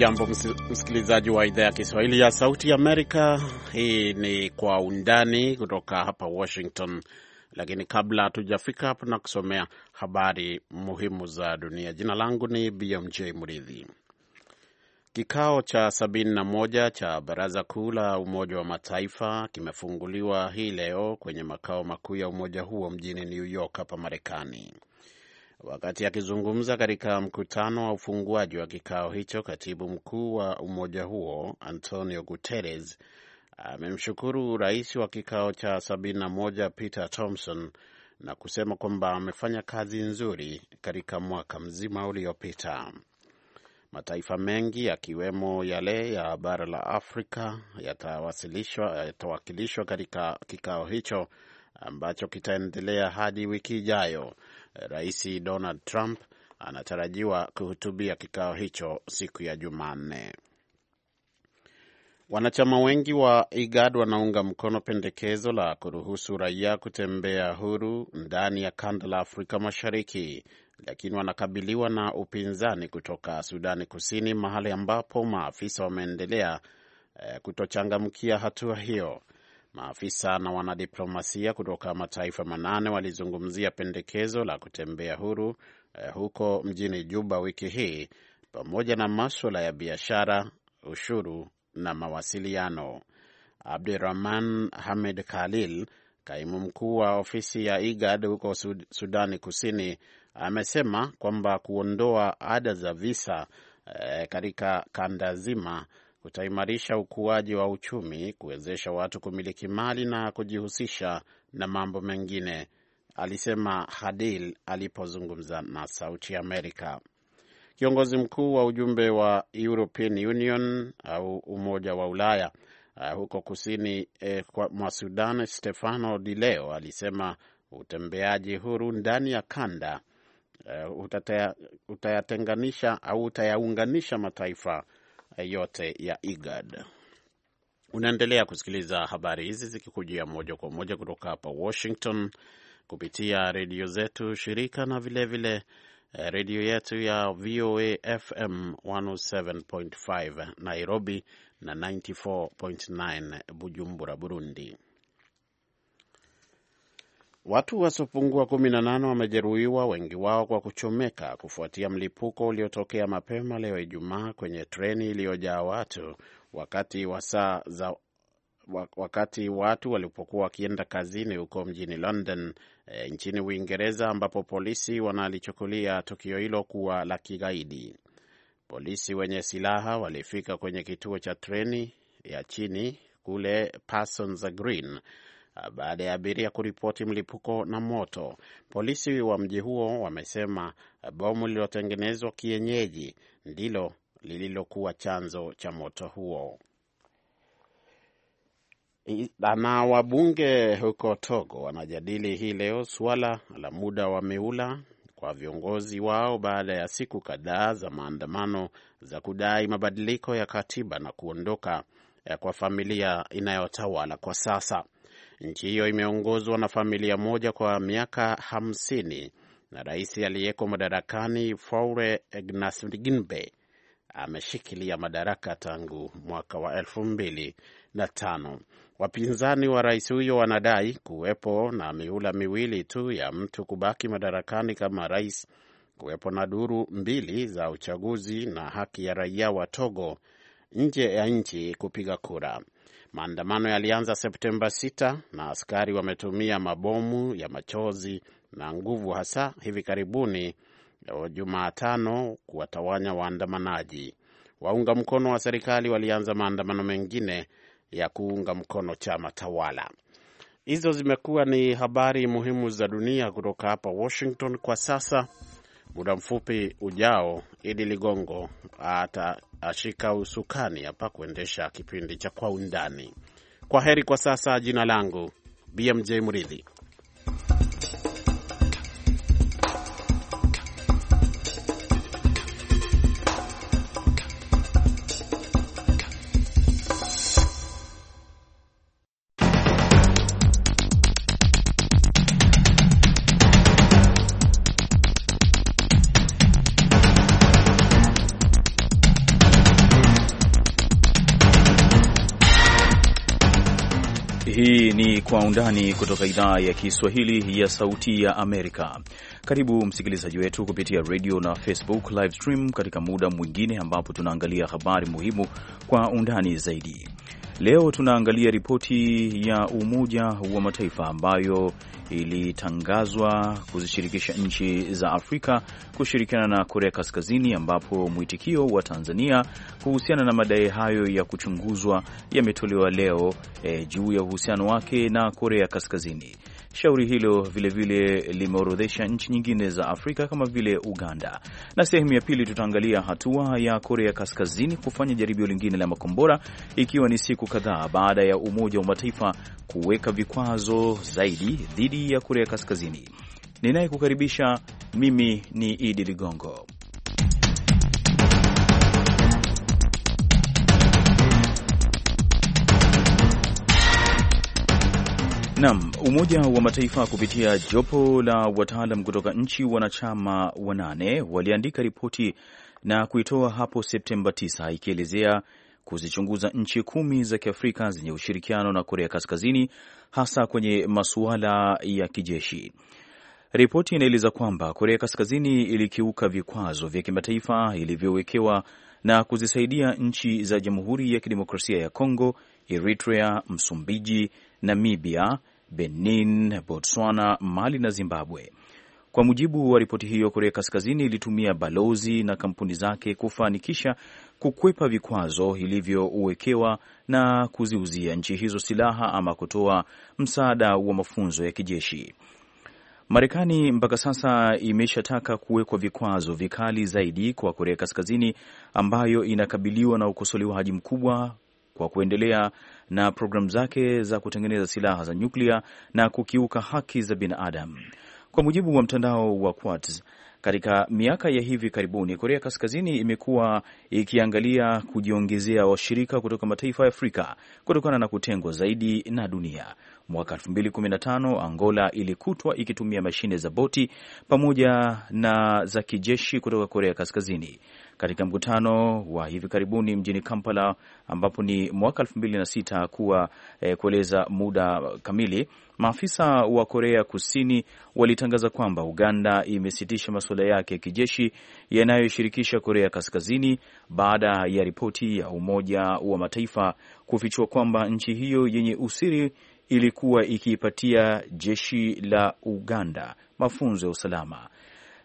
Hujambo msikilizaji wa idhaa ya Kiswahili ya Sauti ya Amerika. Hii ni Kwa Undani kutoka hapa Washington, lakini kabla hatujafika hapo na kusomea habari muhimu za dunia, jina langu ni BMJ Mridhi. Kikao cha 71 cha Baraza Kuu la Umoja wa Mataifa kimefunguliwa hii leo kwenye makao makuu ya umoja huo mjini New York hapa Marekani. Wakati akizungumza katika mkutano wa ufunguaji wa kikao hicho, katibu mkuu wa umoja huo Antonio Guterres amemshukuru rais wa kikao cha 71 Peter Thompson na kusema kwamba amefanya kazi nzuri katika mwaka mzima uliopita. Mataifa mengi yakiwemo yale ya bara la Afrika yatawakilishwa katika kikao hicho ambacho kitaendelea hadi wiki ijayo. Rais Donald Trump anatarajiwa kuhutubia kikao hicho siku ya Jumanne. Wanachama wengi wa IGAD wanaunga mkono pendekezo la kuruhusu raia kutembea huru ndani ya kanda la Afrika Mashariki, lakini wanakabiliwa na upinzani kutoka Sudani Kusini, mahali ambapo maafisa wameendelea eh, kutochangamkia hatua hiyo. Maafisa na wanadiplomasia kutoka mataifa manane walizungumzia pendekezo la kutembea huru eh, huko mjini Juba wiki hii pamoja na maswala ya biashara, ushuru na mawasiliano. Abdurahman Hamed Khalil, kaimu mkuu wa ofisi ya IGAD huko Sudani Kusini, amesema kwamba kuondoa ada za visa eh, katika kanda zima kutaimarisha ukuaji wa uchumi, kuwezesha watu kumiliki mali na kujihusisha na mambo mengine, alisema Hadil alipozungumza na Sauti Amerika. Kiongozi mkuu wa ujumbe wa European Union au Umoja wa Ulaya uh, huko kusini eh, mwa Sudan, Stefano Di Leo alisema utembeaji huru ndani ya kanda uh, utayatenganisha au utayaunganisha mataifa Eh, yote ya IGAD. Unaendelea kusikiliza habari hizi zikikujia moja kwa moja kutoka hapa Washington kupitia redio zetu shirika na vilevile eh, redio yetu ya VOA FM 107.5 Nairobi na 94.9 Bujumbura, Burundi. Watu wasiopungua 18 wamejeruhiwa, wengi wao kwa kuchomeka, kufuatia mlipuko uliotokea mapema leo Ijumaa kwenye treni iliyojaa watu wakati wa saa za wakati watu walipokuwa wakienda kazini huko mjini London e, nchini Uingereza, ambapo polisi wanalichukulia tukio hilo kuwa la kigaidi. Polisi wenye silaha walifika kwenye kituo cha treni ya chini kule Parsons Green Uh, baada ya abiria kuripoti mlipuko na moto. Polisi wa mji huo wamesema uh, bomu lililotengenezwa kienyeji ndilo lililokuwa chanzo cha moto huo. Na wabunge huko Togo wanajadili hii leo suala la muda wa miula kwa viongozi wao baada ya siku kadhaa za maandamano za kudai mabadiliko ya katiba na kuondoka eh, kwa familia inayotawala kwa sasa. Nchi hiyo imeongozwa na familia moja kwa miaka hamsini na rais aliyeko madarakani Faure Gnassingbe ameshikilia madaraka tangu mwaka wa elfu mbili na tano. Wapinzani wa rais huyo wanadai kuwepo na mihula miwili tu ya mtu kubaki madarakani kama rais, kuwepo na duru mbili za uchaguzi na haki ya raia wa Togo nje ya nchi kupiga kura. Maandamano yalianza Septemba 6 na askari wametumia mabomu ya machozi na nguvu hasa hivi karibuni Jumatano kuwatawanya waandamanaji. Waunga mkono wa serikali walianza maandamano mengine ya kuunga mkono chama tawala. Hizo zimekuwa ni habari muhimu za dunia kutoka hapa Washington kwa sasa muda mfupi ujao, Idi Ligongo atashika usukani hapa kuendesha kipindi cha Kwa Undani. Kwa heri kwa sasa. Jina langu BMJ mridhi undani kutoka idhaa ya Kiswahili ya Sauti ya Amerika. Karibu msikilizaji wetu kupitia radio na Facebook live stream katika muda mwingine ambapo tunaangalia habari muhimu kwa undani zaidi. Leo tunaangalia ripoti ya Umoja wa Mataifa ambayo ilitangazwa kuzishirikisha nchi za Afrika kushirikiana na Korea Kaskazini, ambapo mwitikio wa Tanzania kuhusiana na madai hayo ya kuchunguzwa yametolewa leo e, juu ya uhusiano wake na Korea Kaskazini. Shauri hilo vilevile limeorodhesha nchi nyingine za Afrika kama vile Uganda. Na sehemu ya pili tutaangalia hatua ya Korea Kaskazini kufanya jaribio lingine la makombora, ikiwa ni siku kadhaa baada ya Umoja wa Mataifa kuweka vikwazo zaidi dhidi ya Korea Kaskazini. Ninayekukaribisha mimi ni Idi Ligongo. Naam, Umoja wa Mataifa kupitia jopo la wataalam kutoka nchi wanachama wanane waliandika ripoti na kuitoa hapo Septemba 9 ikielezea kuzichunguza nchi kumi za Kiafrika zenye ushirikiano na Korea Kaskazini hasa kwenye masuala ya kijeshi. Ripoti inaeleza kwamba Korea Kaskazini ilikiuka vikwazo vya kimataifa ilivyowekewa na kuzisaidia nchi za Jamhuri ya Kidemokrasia ya Kongo, Eritrea, Msumbiji, Namibia, Benin, Botswana, Mali na Zimbabwe. Kwa mujibu wa ripoti hiyo, Korea Kaskazini ilitumia balozi na kampuni zake kufanikisha kukwepa vikwazo ilivyowekewa na kuziuzia nchi hizo silaha ama kutoa msaada wa mafunzo ya kijeshi. Marekani mpaka sasa imeshataka kuwekwa vikwazo vikali zaidi kwa Korea Kaskazini ambayo inakabiliwa na ukosolewaji mkubwa kwa kuendelea na programu zake za kutengeneza silaha za nyuklia na kukiuka haki za binadamu. Kwa mujibu wa mtandao wa Quartz, katika miaka ya hivi karibuni Korea Kaskazini imekuwa ikiangalia kujiongezea washirika kutoka mataifa ya Afrika kutokana na kutengwa zaidi na dunia. Mwaka 2015 Angola ilikutwa ikitumia mashine za boti pamoja na za kijeshi kutoka Korea Kaskazini katika mkutano wa hivi karibuni mjini Kampala, ambapo ni mwaka elfu mbili na sita kuwa e, kueleza muda kamili. Maafisa wa Korea Kusini walitangaza kwamba Uganda imesitisha masuala yake ya kijeshi yanayoshirikisha Korea Kaskazini baada ya ripoti ya Umoja wa Mataifa kufichua kwamba nchi hiyo yenye usiri ilikuwa ikiipatia jeshi la Uganda mafunzo ya usalama.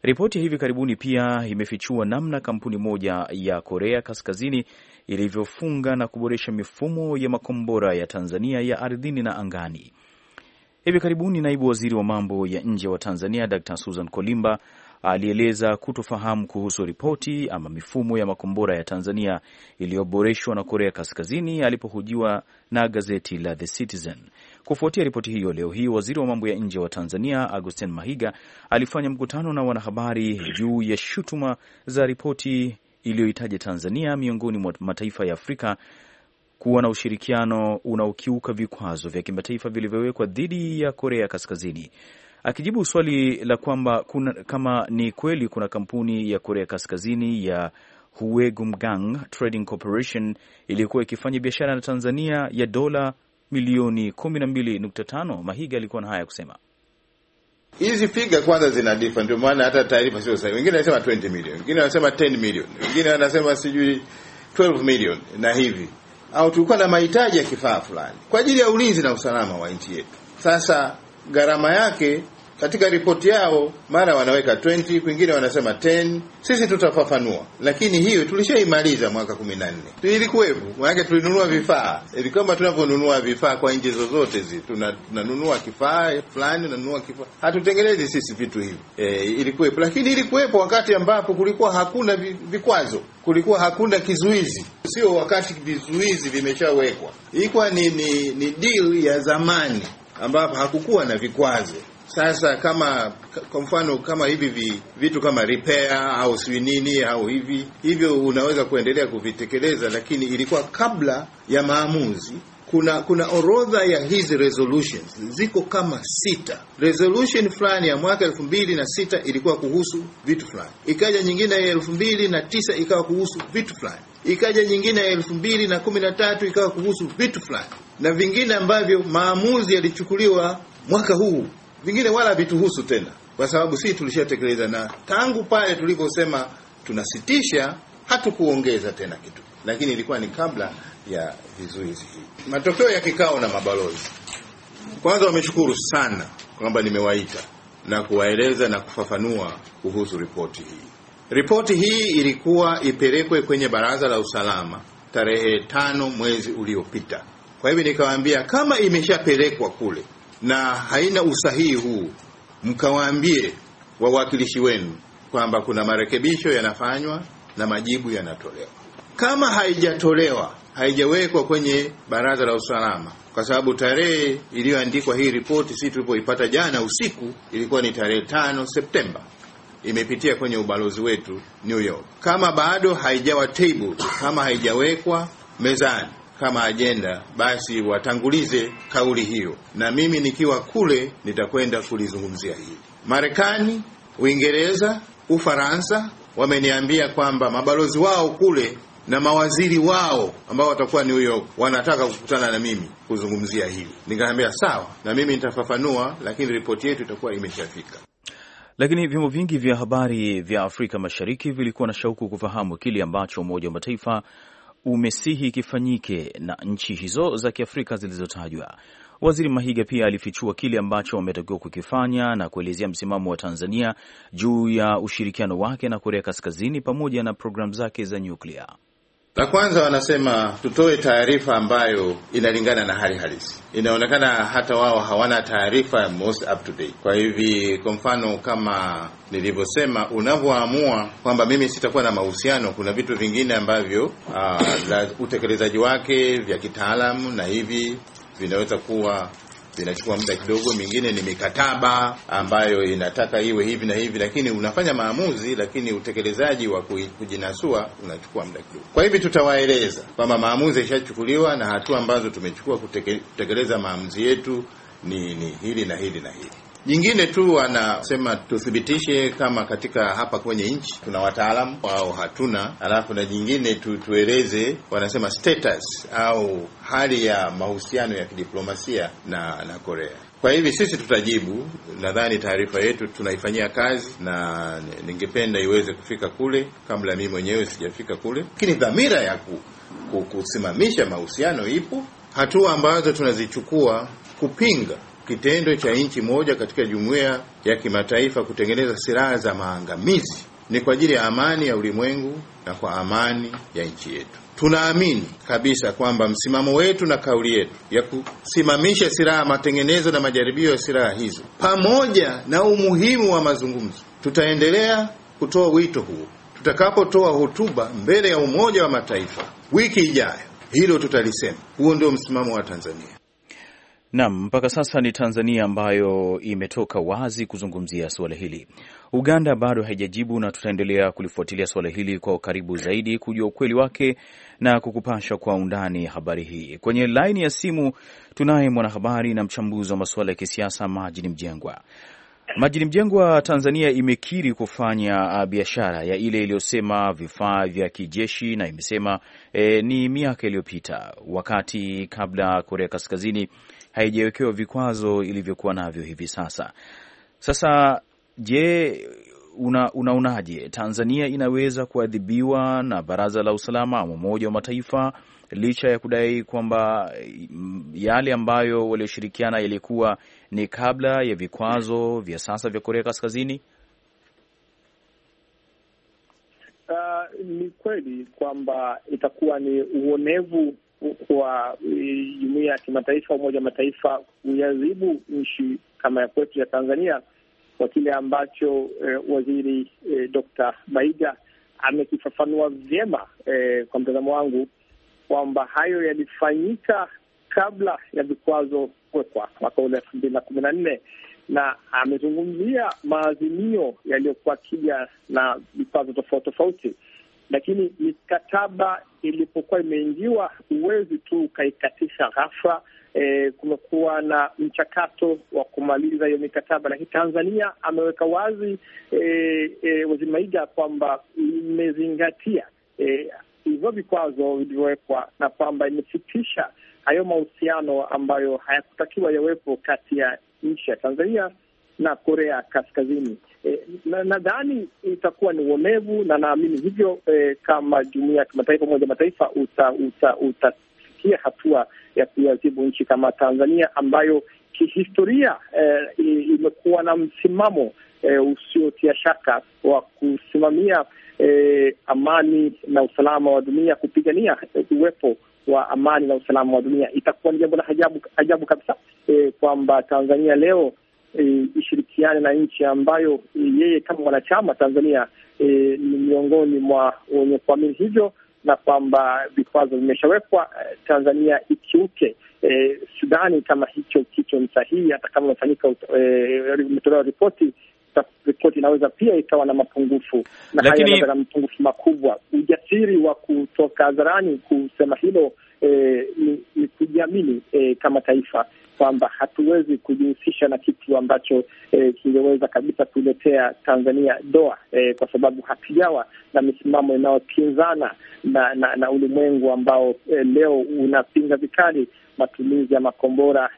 Ripoti hivi karibuni pia imefichua namna kampuni moja ya Korea Kaskazini ilivyofunga na kuboresha mifumo ya makombora ya Tanzania ya ardhini na angani. Hivi karibuni naibu waziri wa mambo ya nje wa Tanzania dr Susan Kolimba alieleza kutofahamu kuhusu ripoti ama mifumo ya makombora ya Tanzania iliyoboreshwa na Korea Kaskazini alipohojiwa na gazeti la The Citizen. Kufuatia ripoti hiyo, leo hii waziri wa mambo ya nje wa Tanzania Augustin Mahiga alifanya mkutano na wanahabari juu ya shutuma za ripoti iliyoitaja Tanzania miongoni mwa mataifa ya Afrika kuwa na ushirikiano unaokiuka vikwazo vya kimataifa vilivyowekwa dhidi ya Korea Kaskazini akijibu swali la kwamba kuna, kama ni kweli kuna kampuni ya Korea Kaskazini ya Huegumgang Trading Corporation iliyokuwa ikifanya biashara na Tanzania ya dola milioni 12.5. Mahiga alikuwa na haya kusema. Hizi figa kwanza zina difa, ndio maana hata taarifa sio sahihi. Wengine wanasema 20 million, wengine wanasema 10 million, wengine wanasema sijui 12 million na hivi, au tulikuwa na mahitaji ya kifaa fulani kwa ajili ya ulinzi na usalama wa nchi yetu. Sasa gharama yake katika ripoti yao, mara wanaweka 20, kwingine wanasema 10. Sisi tutafafanua, lakini hiyo tulishaimaliza mwaka 14. Ilikuwepo manake tulinunua vifaa ili kama tunavyonunua vifaa kwa nje zozote zi tunanunua kifaa fulani, tunanunua kifaa, hatutengenezi sisi vitu hivi e, ilikuwepo, lakini ilikuwepo wakati ambapo kulikuwa hakuna vikwazo, kulikuwa hakuna kizuizi, sio wakati vizuizi vimeshawekwa, ilikuwa ni, ni, ni deal ya zamani ambapo hakukuwa na vikwazo. Sasa kama kwa mfano kama hivi vi, vitu kama repair au sijui nini au hivi hivyo, unaweza kuendelea kuvitekeleza, lakini ilikuwa kabla ya maamuzi kuna kuna orodha ya hizi resolutions ziko kama sita. Resolution fulani ya mwaka elfu mbili na sita ilikuwa kuhusu vitu fulani, ikaja nyingine ya elfu mbili na tisa ikawa kuhusu vitu fulani, ikaja nyingine ya elfu mbili na kumi na tatu ikawa kuhusu vitu fulani, na vingine ambavyo maamuzi yalichukuliwa mwaka huu vingine wala vituhusu tena, kwa sababu sisi tulishatekeleza, na tangu pale tulivyosema tunasitisha hatukuongeza tena kitu, lakini ilikuwa ni kabla ya vizuizi hivi. Matokeo ya kikao na mabalozi, kwanza wameshukuru sana kwamba nimewaita na kuwaeleza na kufafanua kuhusu ripoti hii. Ripoti hii ilikuwa ipelekwe kwenye Baraza la Usalama tarehe tano mwezi uliopita. Kwa hivyo nikawaambia kama imeshapelekwa kule na haina usahihi huu, mkawaambie wawakilishi wenu kwamba kuna marekebisho yanafanywa na majibu yanatolewa. Kama haijatolewa, haijawekwa kwenye baraza la usalama, kwa sababu tarehe iliyoandikwa hii ripoti, sisi tulipoipata jana usiku, ilikuwa ni tarehe tano Septemba imepitia kwenye ubalozi wetu New York. Kama bado haijawa table, kama haijawekwa mezani kama ajenda, basi watangulize kauli hiyo, na mimi nikiwa kule nitakwenda kulizungumzia hili. Marekani, Uingereza, Ufaransa wameniambia kwamba mabalozi wao kule na mawaziri wao ambao watakuwa New York wanataka kukutana na mimi kuzungumzia hili. Nikaambia sawa, na mimi nitafafanua, lakini ripoti yetu itakuwa imeshafika. Lakini vyombo vingi vya habari vya Afrika Mashariki vilikuwa na shauku kufahamu kile ambacho Umoja wa Mataifa umesihi kifanyike na nchi hizo za Kiafrika zilizotajwa. Waziri Mahiga pia alifichua kile ambacho wametakiwa kukifanya na kuelezea msimamo wa Tanzania juu ya ushirikiano wake na Korea Kaskazini pamoja na programu zake za nyuklia. La kwanza wanasema tutoe taarifa ambayo inalingana na hali halisi. Inaonekana hata wao hawana taarifa most up to date. Kwa hivi, kwa mfano kama nilivyosema, unavyoamua kwamba mimi sitakuwa na mahusiano, kuna vitu vingine ambavyo ah, utekelezaji wake vya kitaalamu na hivi vinaweza kuwa zinachukua muda kidogo, mingine ni mikataba ambayo inataka iwe hivi na hivi, lakini unafanya maamuzi, lakini utekelezaji wa kujinasua unachukua muda kidogo. Kwa hivi tutawaeleza kwamba maamuzi yashachukuliwa na hatua ambazo tumechukua kutekeleza maamuzi yetu ni, ni hili na hili na hili. Jingine tu wanasema tuthibitishe kama katika hapa kwenye nchi tuna wataalamu au hatuna, alafu na jingine tu, tueleze wanasema status au hali ya mahusiano ya kidiplomasia na na Korea. Kwa hivi sisi tutajibu, nadhani taarifa yetu tunaifanyia kazi, na ningependa iweze kufika kule kabla mimi mwenyewe sijafika kule, lakini dhamira ya ku, ku, kusimamisha mahusiano ipo. Hatua ambazo tunazichukua kupinga kitendo cha nchi moja katika jumuiya ya kimataifa kutengeneza silaha za maangamizi ni kwa ajili ya amani ya ulimwengu na kwa amani ya nchi yetu. Tunaamini kabisa kwamba msimamo wetu na kauli yetu ya kusimamisha silaha, matengenezo na majaribio ya silaha hizo, pamoja na umuhimu wa mazungumzo, tutaendelea kutoa wito huo tutakapotoa hotuba mbele ya Umoja wa Mataifa wiki ijayo. Hilo tutalisema. Huo ndio msimamo wa Tanzania. Naam, mpaka sasa ni Tanzania ambayo imetoka wazi kuzungumzia suala hili. Uganda bado haijajibu, na tutaendelea kulifuatilia suala hili kwa karibu zaidi kujua ukweli wake na kukupasha kwa undani habari hii. Kwenye laini ya simu tunaye mwanahabari na mchambuzi wa masuala ya kisiasa Majini Mjengwa. Majini Mjengwa, Tanzania imekiri kufanya uh, biashara ya ile iliyosema vifaa vya kijeshi na imesema e, ni miaka iliyopita, wakati kabla Korea Kaskazini haijawekewa vikwazo ilivyokuwa navyo hivi sasa. Sasa je, unaonaje? Una Tanzania inaweza kuadhibiwa na Baraza la Usalama ama Umoja wa Mataifa licha ya kudai kwamba mm, yale ambayo walioshirikiana yalikuwa ni kabla ya vikwazo vya sasa vya Korea Kaskazini? Uh, ni kweli kwamba itakuwa ni uonevu kwa e, jumuia ya kimataifa, Umoja wa Mataifa kuyazibu nchi kama ya kwetu ya Tanzania kwa kile ambacho eh, waziri eh, Dr. Baiga amekifafanua vyema eh, kwa mtazamo wangu kwamba hayo yalifanyika kabla ya vikwazo kuwekwa mwaka ule elfu mbili na kumi na nne na amezungumzia maazimio yaliyokuwa kija na vikwazo tofauti tofauti lakini mikataba ilipokuwa imeingiwa, huwezi tu ukaikatisha ghafla. E, kumekuwa na mchakato wa kumaliza hiyo mikataba, lakini Tanzania ameweka wazi e, e, Waziri Maiga kwamba imezingatia e, hivyo vikwazo vilivyowekwa na kwamba imesitisha hayo mahusiano ambayo hayakutakiwa yawepo kati ya nchi ya Tanzania na Korea Kaskazini eh, nadhani na itakuwa ni uonevu na naamini hivyo eh, kama jumuia ya kimataifa, Umoja Mataifa utafikia uta, uta, hatua ya kuiadhibu nchi kama Tanzania ambayo kihistoria eh, imekuwa na msimamo eh, usiotia shaka wa kusimamia eh, amani na usalama wa dunia, kupigania uwepo wa amani na usalama wa dunia. Itakuwa ni jambo la ajabu, ajabu kabisa eh, kwamba Tanzania leo e, ishirikiane na nchi ambayo e, yeye kama mwanachama Tanzania e, ni miongoni mwa wenye kuamini hivyo, na kwamba vikwazo vimeshawekwa e, Tanzania ikiuke e, Sudani kama hicho kicho ni sahihi, hata kama imefanyika e, imetolewa e, ripoti ripoti inaweza pia ikawa na mapungufu na lakini... haya na mapungufu makubwa. Ujasiri wa kutoka hadharani kusema hilo eh, ni, ni kujiamini eh, kama taifa kwamba hatuwezi kujihusisha na kitu ambacho eh, kingeweza kabisa kuletea Tanzania doa eh, kwa sababu hatujawa na misimamo inayokinzana na, na, na ulimwengu ambao eh, leo unapinga vikali matumizi ya makombora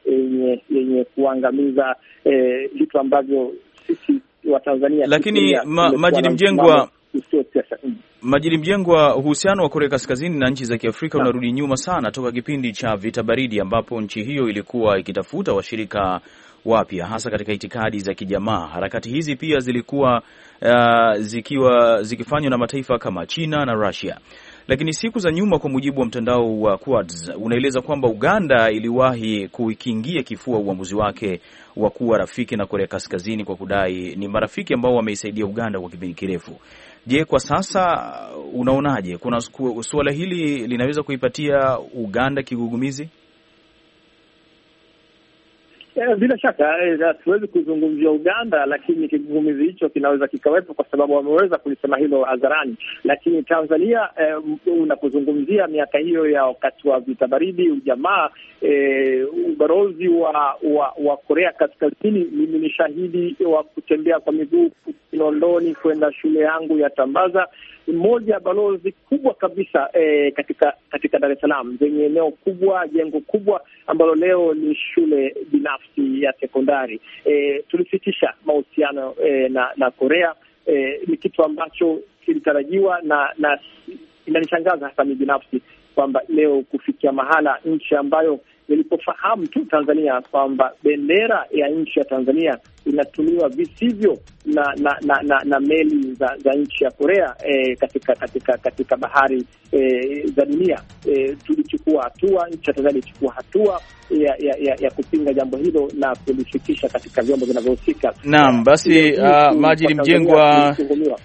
yenye eh, kuangamiza eh, vitu ambavyo sisi wa Tanzania. Lakini ma, Majidi Mjengwa, mm. Majidi Mjengwa, uhusiano wa Korea Kaskazini na nchi za Kiafrika unarudi nyuma sana toka kipindi cha vita baridi ambapo nchi hiyo ilikuwa ikitafuta washirika wapya, hasa katika itikadi za kijamaa. Harakati hizi pia zilikuwa uh, zikiwa zikifanywa na mataifa kama China na Russia. Lakini siku za nyuma, kwa mujibu wa mtandao wa Quads, unaeleza kwamba Uganda iliwahi kukingia kifua uamuzi wake wa kuwa rafiki na Korea Kaskazini kwa kudai ni marafiki ambao wameisaidia Uganda kwa kipindi kirefu. Je, kwa sasa uh, unaonaje, kuna suala hili linaweza kuipatia Uganda kigugumizi? Eh, bila shaka hatuwezi eh, kuzungumzia Uganda, lakini kigumizi hicho kinaweza kikawepo, kwa sababu wameweza kulisema hilo hadharani. Lakini Tanzania eh, unapozungumzia miaka hiyo ya wakati wa vita baridi, ujamaa, eh, ubalozi wa, wa wa Korea Kaskazini, mimi ni shahidi wa kutembea kwa miguu Kinondoni kwenda shule yangu ya Tambaza moja ya balozi kubwa kabisa e, katika katika Dar es Salaam zenye eneo kubwa, jengo kubwa ambalo leo ni shule binafsi ya sekondari. E, tulisitisha mahusiano e, na na Korea e, ni kitu ambacho kilitarajiwa na na inanishangaza hasa mi binafsi kwamba leo kufikia mahala nchi ambayo nilipofahamu tu Tanzania kwamba bendera ya nchi ya Tanzania inatumiwa visivyo na na, na, na, na meli za, za nchi ya Korea eh, katika katika katika bahari eh, za dunia eh, tulichukua hatua, nchi ya Tanzania ilichukua hatua ya, ya, ya, ya kupinga jambo hilo na kulifikisha katika vyombo vinavyohusika. Naam, eh, basi ah, uh, Majid Mjengwa,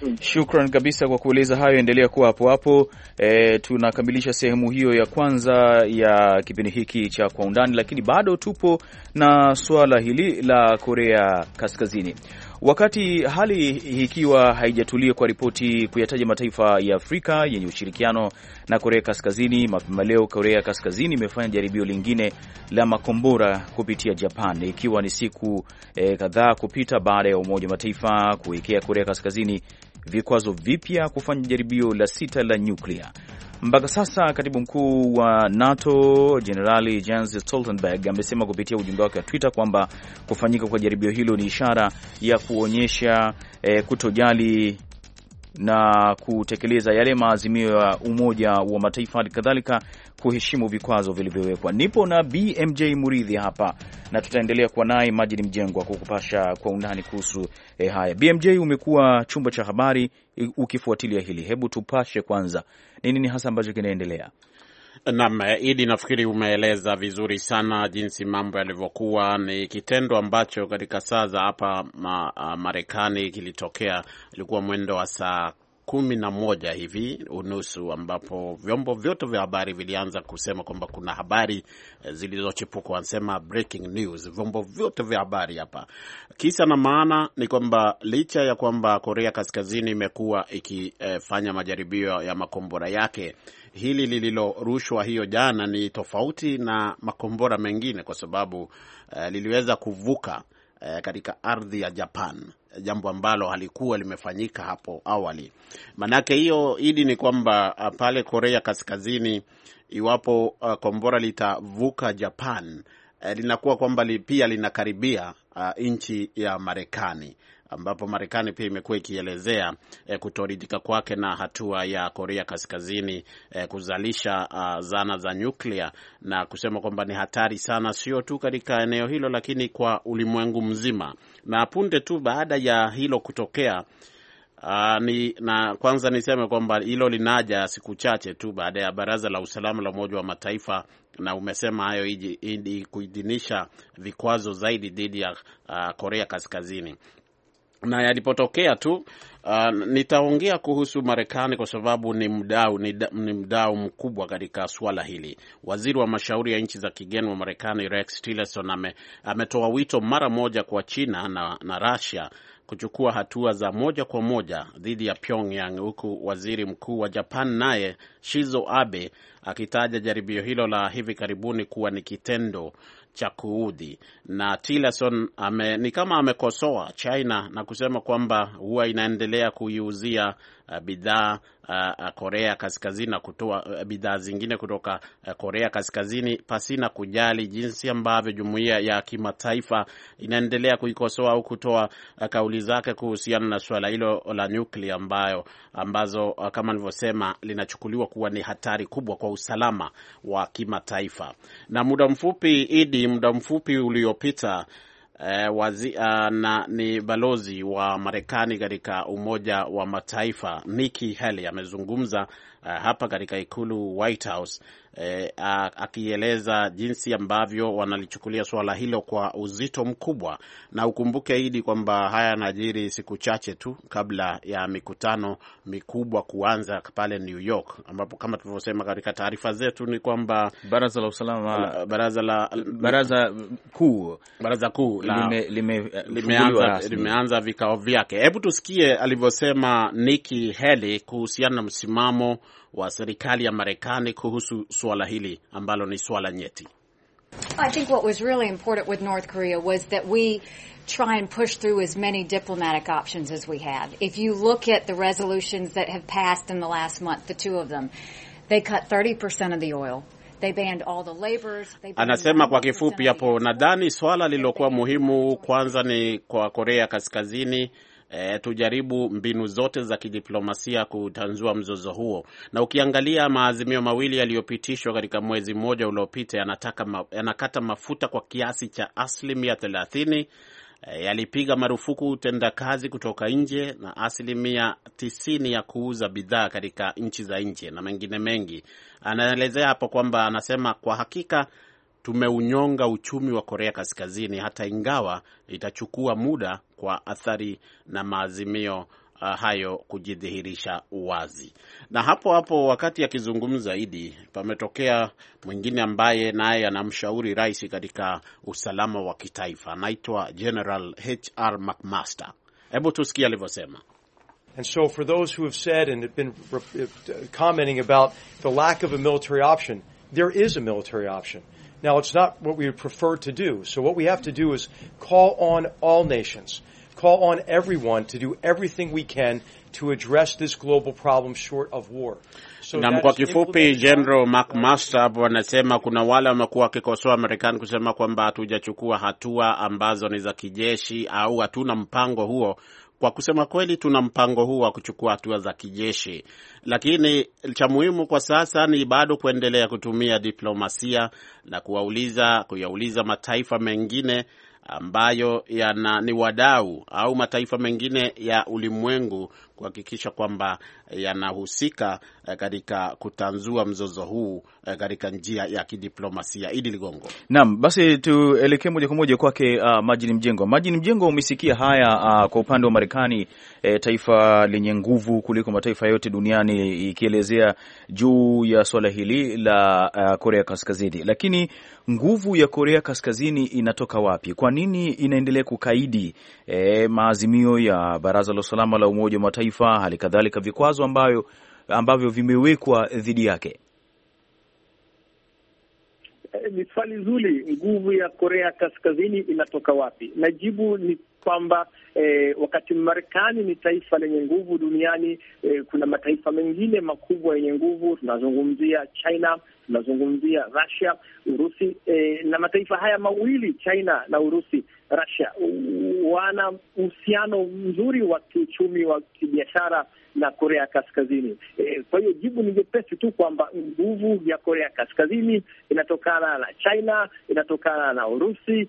hmm. shukran kabisa kwa kueleza hayo. Endelea kuwa hapo hapo. E, tunakamilisha sehemu hiyo ya kwanza ya kipindi hiki cha Kwa Undani, lakini bado tupo na suala hili la Korea Kaskazini. Wakati hali ikiwa haijatulia kwa ripoti kuyataja mataifa ya Afrika yenye ushirikiano na Korea Kaskazini, mapema leo Korea Kaskazini imefanya jaribio lingine la makombora kupitia Japan, ikiwa ni siku eh, kadhaa kupita baada ya Umoja wa Mataifa kuwekea Korea Kaskazini vikwazo vipya kufanya jaribio la sita la nyuklia. Mpaka sasa katibu mkuu wa NATO Jenerali Jens Stoltenberg amesema kupitia ujumbe wake wa Twitter kwamba kufanyika kwa jaribio hilo ni ishara ya kuonyesha eh, kutojali na kutekeleza yale maazimio ya Umoja wa Mataifa. Hali kadhalika kuheshimu vikwazo vilivyowekwa. Nipo na BMJ Muridhi hapa na tutaendelea kuwa naye majini Mjengwa kukupasha kwa undani kuhusu eh, haya. BMJ, umekuwa chumba cha habari eh, ukifuatilia hili, hebu tupashe kwanza, ni nini hasa ambacho kinaendelea? Naam, eh, Idi, nafikiri umeeleza vizuri sana jinsi mambo yalivyokuwa. Ni kitendo ambacho katika saa za hapa ma, ah, Marekani kilitokea, ilikuwa mwendo wa saa kumi na moja hivi unusu ambapo vyombo vyote vya habari vilianza kusema kwamba kuna habari eh, zilizochipuka, wanasema breaking news, vyombo vyote vya habari hapa. Kisa na maana ni kwamba licha ya kwamba Korea Kaskazini imekuwa ikifanya majaribio ya makombora yake, hili lililorushwa hiyo jana ni tofauti na makombora mengine kwa sababu uh, liliweza kuvuka eh, katika ardhi ya Japan, eh, jambo ambalo halikuwa limefanyika hapo awali. Manake hiyo idi ni kwamba eh, pale Korea Kaskazini, iwapo uh, kombora litavuka Japan linakuwa kwamba li pia linakaribia uh, nchi ya Marekani ambapo Marekani pia imekuwa ikielezea eh, kutoridhika kwake na hatua ya Korea Kaskazini eh, kuzalisha uh, zana za nyuklia na kusema kwamba ni hatari sana, sio tu katika eneo hilo, lakini kwa ulimwengu mzima. Na punde tu baada ya hilo kutokea Uh, ni, na kwanza niseme kwamba hilo linaja siku chache tu baada ya Baraza la Usalama la Umoja wa Mataifa na umesema hayo ili kuidhinisha vikwazo zaidi dhidi ya uh, Korea Kaskazini na yalipotokea tu. Uh, nitaongea kuhusu Marekani kwa sababu ni mdau ni, ni mdau mkubwa katika suala hili. Waziri wa mashauri ya nchi za kigeni wa Marekani Rex Tillerson ame, ametoa wito mara moja kwa China na, na Russia kuchukua hatua za moja kwa moja dhidi ya Pyongyang, huku waziri mkuu wa Japan naye Shizo Abe akitaja jaribio hilo la hivi karibuni kuwa ni kitendo cha kuudhi. Na Tillerson ame, ni kama amekosoa China na kusema kwamba huwa inaendelea kuiuzia Uh, bidhaa uh, uh, Korea Kaskazini na kutoa bidhaa zingine kutoka Korea Kaskazini pasina kujali jinsi ambavyo jumuiya ya kimataifa inaendelea kuikosoa au kutoa kauli zake kuhusiana na suala hilo la nyuklia, ambayo ambazo kama nilivyosema linachukuliwa kuwa ni hatari kubwa kwa usalama wa kimataifa. Na muda mfupi idi, muda mfupi uliopita eh, wazi, uh, na ni balozi wa Marekani katika Umoja wa Mataifa Nikki Haley amezungumza Eh, hapa katika ikulu White House uh, akieleza jinsi ambavyo wanalichukulia suala hilo kwa uzito mkubwa. Na ukumbuke hidi kwamba haya yanajiri siku chache tu kabla ya mikutano mikubwa kuanza pale New York, ambapo kama tulivyosema katika taarifa zetu ni kwamba baraza la usalama, baraza la baraza kuu, baraza kuu lime, lime, limeanza, limeanza vikao vyake. Hebu tusikie alivyosema Nikki Haley kuhusiana na msimamo wa serikali ya Marekani kuhusu suala hili ambalo ni suala nyeti. I think what was really important with North Korea was that we try and push through as many diplomatic options as we If you look at the resolutions that have passed in the last month, the two of them, they cut 30% of the oil. They banned all the laborers. They banned anasema kwa kifupi hapo, nadhani swala lililokuwa muhimu kwanza ni kwa Korea Kaskazini e, tujaribu mbinu zote za kidiplomasia kutanzua mzozo huo. Na ukiangalia maazimio mawili yaliyopitishwa katika mwezi mmoja uliopita yanataka ma, yanakata mafuta kwa kiasi cha asilimia thelathini e, yalipiga marufuku utendakazi kutoka nje na asilimia tisini ya kuuza bidhaa katika nchi za nje na mengine mengi. Anaelezea hapo kwamba anasema, kwa hakika tumeunyonga uchumi wa Korea Kaskazini, hata ingawa itachukua muda kwa athari na maazimio uh, hayo kujidhihirisha wazi. Na hapo hapo, wakati akizungumza Idi, pametokea mwingine ambaye naye anamshauri rais katika usalama wa kitaifa, anaitwa General HR McMaster. Hebu tusikie alivyosema. And so for those who have said and have been uh, commenting about the lack of a military option, there is a military option. Now, it's not what we would prefer to do. So what we have to do is call on all nations, call on everyone to do everything we can to address this global problem short of war. So na kwa kifupi, General MacMaster, Mastab wanasema kuna wale wamekuwa wakikosoa Marekani kusema kwamba hatujachukua hatua ambazo ni za kijeshi au hatuna mpango huo kwa kusema kweli, tuna mpango huu wa kuchukua hatua za kijeshi, lakini cha muhimu kwa sasa ni bado kuendelea kutumia diplomasia na kuwauliza kuyauliza mataifa mengine ambayo yana ni wadau au mataifa mengine ya ulimwengu kuhakikisha kwamba eh, yanahusika eh, katika kutanzua mzozo huu eh, katika njia ya kidiplomasia. Idi Ligongo. Naam, basi tuelekee moja kwa moja kwake uh, Majini Mjengo. Majini Mjengo, umesikia haya uh, kwa upande wa Marekani eh, taifa lenye nguvu kuliko mataifa yote duniani ikielezea juu ya swala hili la uh, Korea Kaskazini, lakini nguvu ya Korea Kaskazini inatoka wapi? Kwa nini inaendelea kukaidi eh, maazimio ya Baraza la Usalama la Umoja wa Mataifa Mataifa, hali kadhalika vikwazo ambayo ambavyo vimewekwa dhidi yake? Eh, ni swali nzuri. Nguvu ya Korea Kaskazini inatoka wapi? Na jibu ni kwamba eh, wakati Marekani ni taifa lenye nguvu duniani eh, kuna mataifa mengine makubwa yenye nguvu. Tunazungumzia China, Tunazungumzia Russia, Urusi eh, na mataifa haya mawili China na Urusi, Russia wana uhusiano mzuri wa kiuchumi, wa kibiashara na Korea Kaskazini. Eh, kwa hiyo jibu ni jepesi tu kwamba nguvu ya Korea Kaskazini inatokana na China, inatokana na Urusi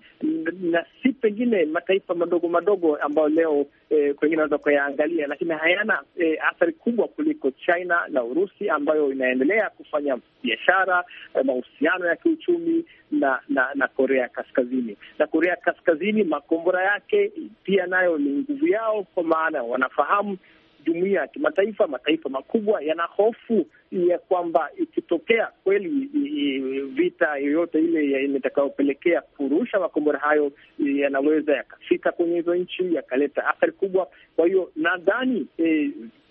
na si pengine mataifa madogo madogo ambayo leo eh, kwengine naweza kuyaangalia, lakini hayana eh, athari kubwa kuliko China na Urusi ambayo inaendelea kufanya biashara biashara, eh, mahusiano ya kiuchumi na, na na Korea ya Kaskazini. Na Korea ya Kaskazini, makombora yake pia nayo ni nguvu yao, kwa maana wanafahamu jumuiya ya kimataifa, mataifa makubwa yana hofu ya kwamba ikitokea kweli vita yoyote ile itakayopelekea kurusha makombora hayo, yanaweza yakafika kwenye hizo nchi yakaleta athari kubwa. Kwa hiyo nadhani eh,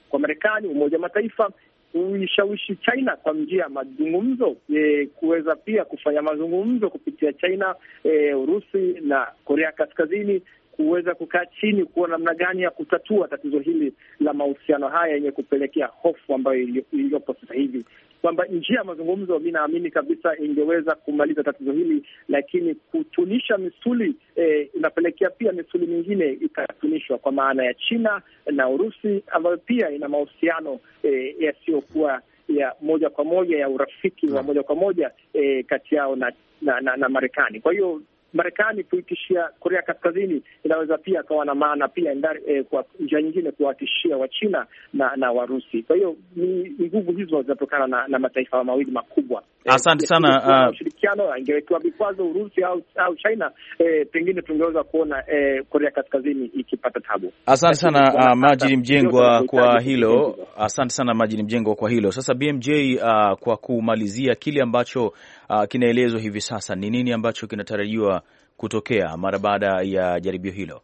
kwa Marekani, Umoja wa Mataifa kuishawishi China kwa njia ya mazungumzo e, kuweza pia kufanya mazungumzo kupitia China e, Urusi na Korea Kaskazini kuweza kukaa chini kuwa namna gani ya kutatua tatizo hili la mahusiano haya yenye kupelekea hofu ambayo iliyopo sasa hivi kwamba njia ya mazungumzo, mi naamini kabisa ingeweza kumaliza tatizo hili, lakini kutunisha misuli eh, inapelekea pia misuli mingine ikatunishwa, kwa maana ya China na Urusi ambayo pia ina mahusiano eh, yasiyokuwa ya moja kwa moja ya urafiki wa hmm. moja kwa moja eh, kati yao na na, na, na Marekani. Kwa hiyo Marekani kuitishia Korea Kaskazini inaweza pia akawa na maana pia endari, eh, kwa njia nyingine kuwatishia Wachina na na Warusi. Kwa hiyo ni nguvu hizo zinatokana na, na mataifa mawili makubwa. Eh, Asante sana. Uh, ushirikiano uh... ingewekewa vikwazo Urusi au, au China eh, pengine tungeweza kuona eh, Korea Kaskazini ikipata tabu. Asante sana uh, Majini Mjengwa kwa hilo. Asante sana Majini Mjengwa kwa hilo. Sasa BMJ, uh, kwa kumalizia kile ambacho uh, kinaelezwa hivi sasa? Ni nini ambacho kinatarajiwa kutokea mara baada ya jaribio hilo?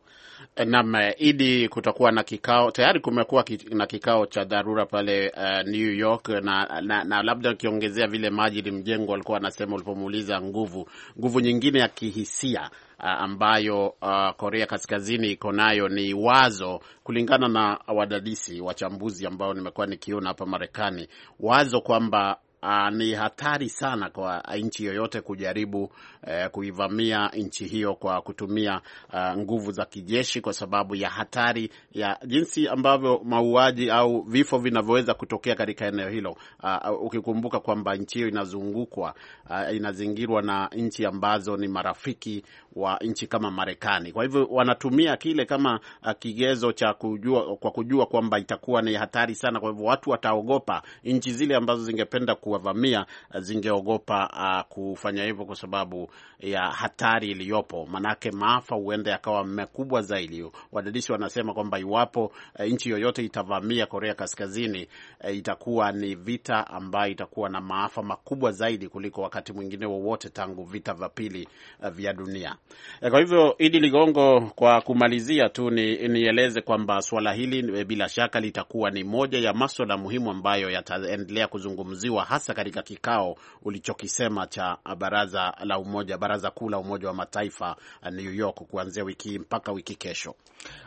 Naam, Idi, kutakuwa na kikao tayari. Kumekuwa na kikao cha dharura pale uh, New York na, na, na labda ukiongezea vile maji ni mjengo alikuwa anasema ulipomuuliza nguvu nguvu nyingine ya kihisia ah, ambayo uh, Korea Kaskazini iko nayo ni wazo, kulingana na wadadisi wachambuzi ambao nimekuwa nikiona hapa Marekani, wazo kwamba Uh, ni hatari sana kwa nchi yoyote kujaribu uh, kuivamia nchi hiyo kwa kutumia uh, nguvu za kijeshi kwa sababu ya hatari ya jinsi ambavyo mauaji au vifo vinavyoweza kutokea katika eneo hilo. Uh, ukikumbuka kwamba nchi hiyo inazungukwa, uh, inazingirwa na nchi ambazo ni marafiki wa nchi kama Marekani. Kwa hivyo wanatumia kile kama uh, kigezo cha kujua, kwa kujua kwamba itakuwa ni hatari sana, kwa hivyo watu wataogopa nchi zile ambazo zingependa ku kuwavamia eh, zingeogopa uh, kufanya hivyo kwa sababu ya hatari iliyopo, manake maafa huenda yakawa makubwa zaidi. Wadadisi wanasema kwamba iwapo uh, nchi yoyote itavamia Korea Kaskazini uh, itakuwa ni vita ambayo itakuwa na maafa makubwa zaidi kuliko wakati mwingine wowote tangu vita vya pili uh, vya dunia. Kwa hivyo, Idi Ligongo, kwa kumalizia tu ni, nieleze kwamba suala hili bila shaka litakuwa ni moja ya maswala muhimu ambayo yataendelea kuzungumziwa hasa katika kikao ulichokisema cha baraza la umoja baraza kuu la Umoja wa Mataifa uh, New York kuanzia wiki hii mpaka wiki kesho.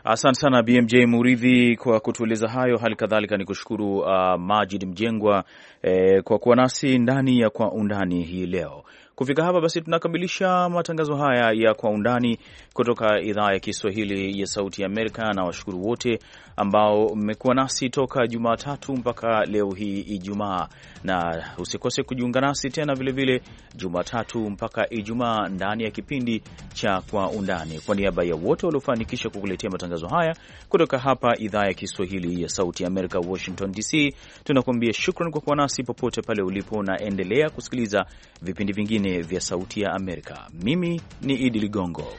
Asante sana BMJ Muridhi kwa kutueleza hayo. Hali kadhalika ni kushukuru uh, Majid Mjengwa eh, kwa kuwa nasi ndani ya Kwa Undani hii leo. Kufika hapa basi, tunakamilisha matangazo haya ya kwa undani kutoka idhaa ya Kiswahili ya Sauti ya Amerika, na washukuru wote ambao mmekuwa nasi toka Jumatatu mpaka leo hii Ijumaa, na usikose kujiunga nasi tena vilevile Jumatatu mpaka Ijumaa ndani ya kipindi cha kwa undani. Kwa niaba ya wote waliofanikisha kukuletea matangazo haya kutoka hapa idhaa ya Kiswahili ya Sauti ya Amerika, Washington DC, tunakuambia shukran kwa kuwa nasi popote pale ulipo, na endelea kusikiliza vipindi vingine vingine vya Sauti ya Amerika. Mimi ni Idi Ligongo